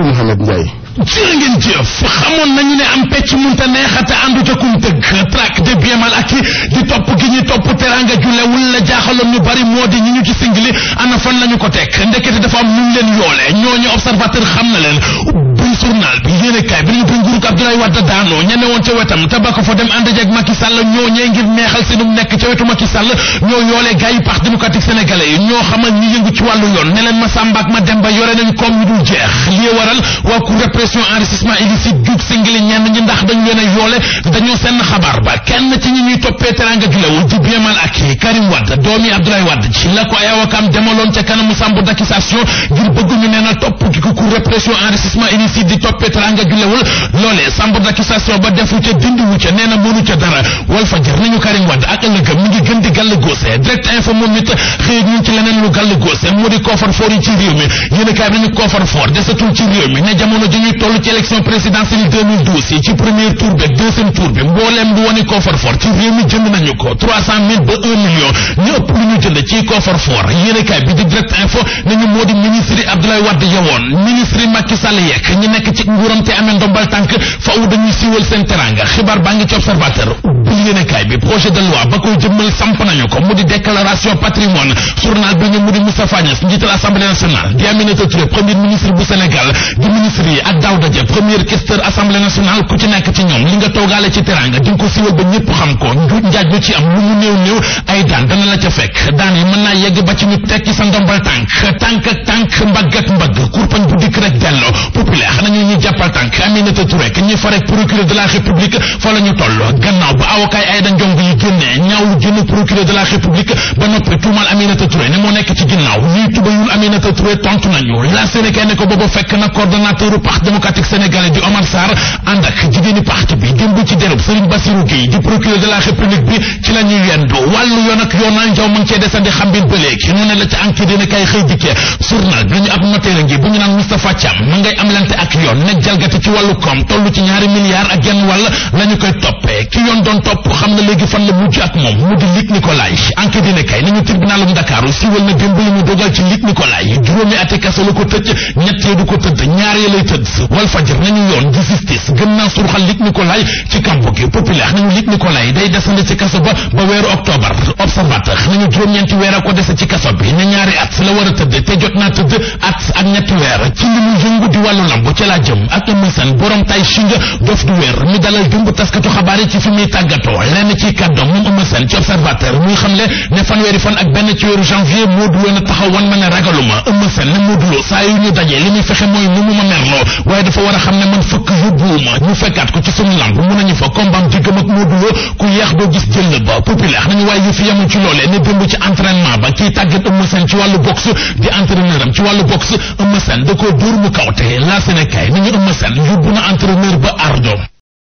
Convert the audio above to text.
Mamadou Mouhamed Ndiaye jërë ngeen jëf xamoon nañu ne am pecc munta neexate àndu ca kum tëgg traque de bien mal di topp gi ñuy topp teranga julewul la jaaxaloon ñu bari moo di ñi ñu ci singili ana fan lañu ko teg ndekete dafa am nu ñu leen yoole ñooñu observateur xam na leen journal bi yéene kaay bi nañu ko nguurug Abdoulaye daanoo ña newoon ca wetam tabako fa dem ànd ak Macky Sall ñoo ñee ngir neexal seenum nekk ca wetu Macky Sall ñoo yoolee gars yi parti démocratique yi ñoo xamal ñi yëngu ci wàllu yoon ne leen ma sàmbaak ma dem ba yore nañu koom ñu dul jeex lii waral waa ku répression enrichissement illicite jug singili ñenn ñi leen a yoole dañoo ba kenn ci ñi ñuy toppee teranga ak Karim Wade doomi Abdoulaye Wade ci la ko ay awakaam demaloon ca kanamu chambre d'accusation ngir bëgg ñu nee na topp mbirum répression enrichissement di toppee teranga julewul loolee samb d'accusation ba defu ca dindiwu ca nee mënu ca dara wal nañu Karim Wade ak ëllëgëm mi ngi gën di gàll direct info moom it xëy ñun ci leneen lu gàll góose di koofar foor yi ci réew mi yéen bi nañu koofar foor desatul ci réew mi ne jamono ji ñuy toll ci élection présidentielle yi ci premier tour bi deuxième tour bi mbooleem du woni koofar ci réew mi jënd nañu ministre yi Macky Sall nekk ci nguuram te amee ndombal tànk faw dañuy siiwal seen teranga xibaar baa ngi ci observateur yéenekaay bi projet de loi ba koy jëmmal samp nañu ko mu di déclaration patrimoine journal bi ñu mu di Moustapha njiital assemblée nationale di Aminata Touré premier premier questeur assemblée nationale ku ci nekk ci ñoom li nga toogaale ci teranga di ko siiwal ba ñëpp xam ko njuuj njaaj lu ci am lu mu néew néew ay daan dana la ca fekk daan mën naa yegg ba ci ñu tekki sa ndombal tànk tànk tànk mbagg ak mbagg kurpañ bu dikk rek delloo populaire jàppal tànk Aminata Touré ñi farek procureur de la république fa ñu toll gannaaw ba avocat Aïda Ndiongue yi génnee ñaawlu génn procureur de la république ba noppi tuumal Aminata Touré ne moo nekk ci ginnaaw ñuy tubayul Aminata Touré tontu nañu la Sénégal ne ko booba fekk na coordonnateur parti démocratique sénégalais di Omar Sarr ànd ak jigéeni parti bi démb ci Serigne Bassirou Gueye di procureur de la république bi ci la ñuy yendu wàllu yoon ak yoon naa njaw mu ngi cee desandi xambin ba léegi ñu ne la ci enquête dina kay xëy dikkee journal bi ñu ab notaire ngi bu ñu naan Moustapha Thiam ma ngay am ak yoon ne jalgati ci wàllu koom toll ci ñaari milliards ak genn wàll la koy toppee ki yoon doon topp xam na léegi fan la mujj ak moom mu di Luc Nicolaï dina kay nañu tribunalum Dakar siiwal na démb li mu dogal ci fekkee du ko tëdd ñaaree lay tëdd wal fajar nañu yoon di justice gën naa surxal Luc Nicolaï ci kambu gi populaire nañu Luc Nicolaï day desandi ci kaso ba ba weeru octobre observateur nañu juróom-ñeenti weer a ko dese ci kaso bi na ñaari at la war a tëdd te jot naa tëdd at ak ñetti weer ci li mu yëngu di wàllu lamb ca laa jëm ak Eumeu Sène borom tay shinga dof du weer mi dalal jumb taskatu xabaar yi ci fi muy tàggatoo lenn ci kàddoom moom Eumeu Sène ci observateur muy xamle ne fan ak benn ci weeru janvier Modou Lo na taxaw ma ne ragaluma Eumeu Sène ne Modou Lo saa yu ñu dajee fexe mooy nu mu ma merloo waaye dafa war a xam ne man fëkk yóbbuwuma ñu fekkaat ko ci suñu lamb mun nañu fa combat diggam ak Modou Lo ku yeex doo gis jël ba populaire nañu waaye yu fi yamul ci loolee ne démb ci ci wàllu boxe entraîneur am ci wàllu boxe Eumeu Sène da koo dóor mu kawte la Sénégal ni ñu Eumeu Sène yóbbu na ba ardo